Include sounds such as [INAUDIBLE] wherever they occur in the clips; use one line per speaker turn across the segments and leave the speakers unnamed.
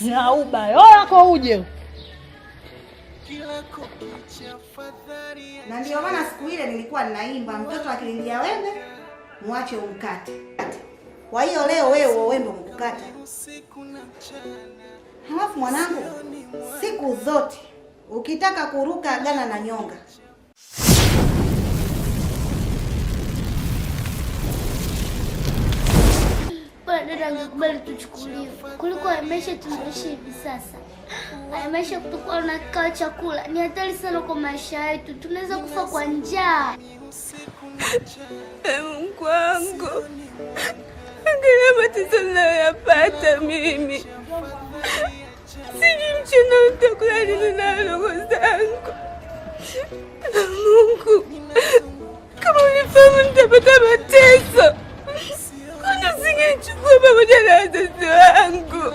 Nauba yolako uje na ndio maana siku ile nilikuwa ninaimba, mtoto akililia wembe mwache umkate. Kwa hiyo leo wewe wembe umkukata. Halafu mwanangu, siku zote ukitaka kuruka agana na nyonga.
Mungu angekubali tuchukuliwe kuliko haya maisha tunaishi hivi sasa. Haya maisha kutokuwa na kaa chakula ni hatari sana kwa maisha yetu, tunaweza kufa kwa njaa.
[LAUGHS] Mungu wangu, angalia matatizo ninayoyapata mimi, sijui mchana nitakula nini na ndugu zangu. Mungu, kama ulifahamu nitapata mateso Nichukue pamoja na watoto wangu.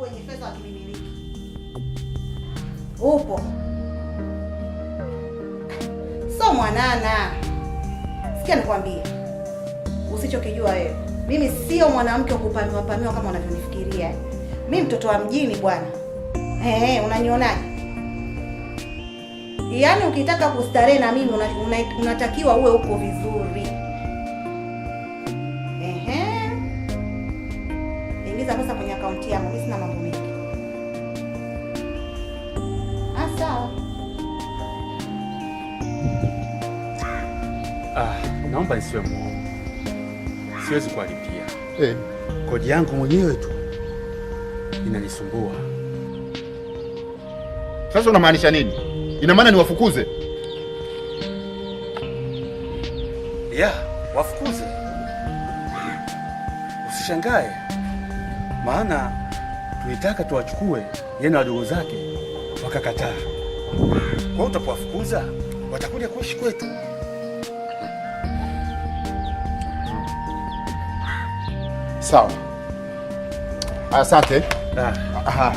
wenye pesa upo so mwanana, sikia nikwambie, usichokijua wewe, mimi sio mwanamke wakupamiwapamiwa kama unavyonifikiria. Mi mtoto wa mjini bwana. Ehe, unanionaje? Yaani ukitaka kustarehe na mimi una, una, unatakiwa uwe uko vizuri. Ehe. Ingiza pesa kwenye akaunti yangu, mimi sina mambo mengi. Ah, sawa.
Ah, naomba nisiwe muongo. Siwezi kuwalipia.
Eh, Kodi yangu mwenyewe tu inanisumbua.
Sasa unamaanisha nini? Ina maana niwafukuze?
Ya, wafukuze. Usishangae, maana tulitaka tuwachukue yeye na wadogo zake wakakataa. Kwa utapowafukuza watakuja kuishi kwetu.
Sawa, asante.
Ah. Aha.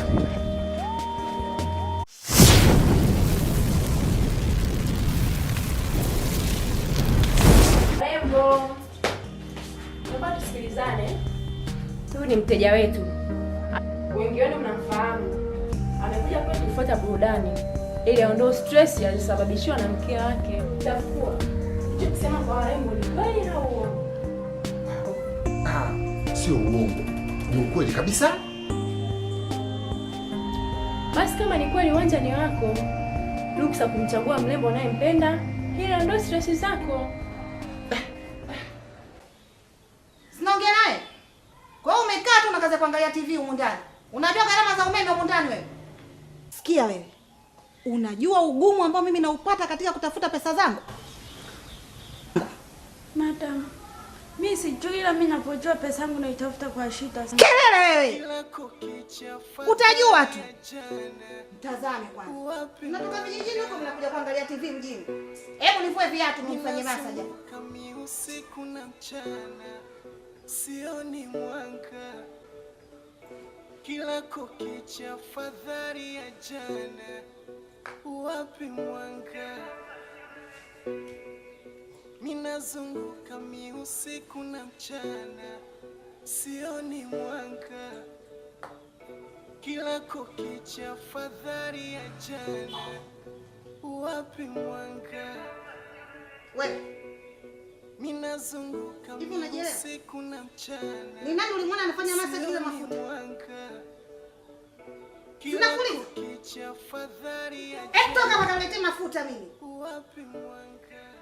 tusikilizane. Huyu ni mteja wetu, wengi wenu mnamfahamu. Amekuja kwetu kufuata burudani ili aondoe stress alisababishiwa na mke wake. Tafua hicho kusema kwa warembo ni kweli na uongo?
Ah, sio uongo, ni ukweli kabisa.
Basi kama ni kweli, uwanja ni wako. Ruksa kumchagua mrembo unayempenda ili aondoe stress zako.
kazi kuangalia TV huko ndani. Unajua gharama za umeme huko ndani wewe? Sikia wewe. Unajua ugumu ambao mimi naupata katika kutafuta pesa zangu?
Madam, mimi sijui ila mimi napojua pesa yangu naitafuta kwa shida
sana. Kelele wewe. Utajua tu. Mtazame kwanza. Natoka vijijini huko mnakuja kuangalia TV mjini. Hebu nivue viatu nifanye massage. Usiku na mchana. Sioni mwanga kila kukicha, fadhari ya jana, wapi mwanga? Minazunguka mi usiku na mchana, sioni mwanga. Kila kukicha, fadhari ya jana, wapi mwanga? Wewe usiku na mchana. Ni nani ulimwona anafanya masaji za mafuta? Zinakuliwa? Eh, toka wakaniletea mafuta mimi. Wapi mwanga?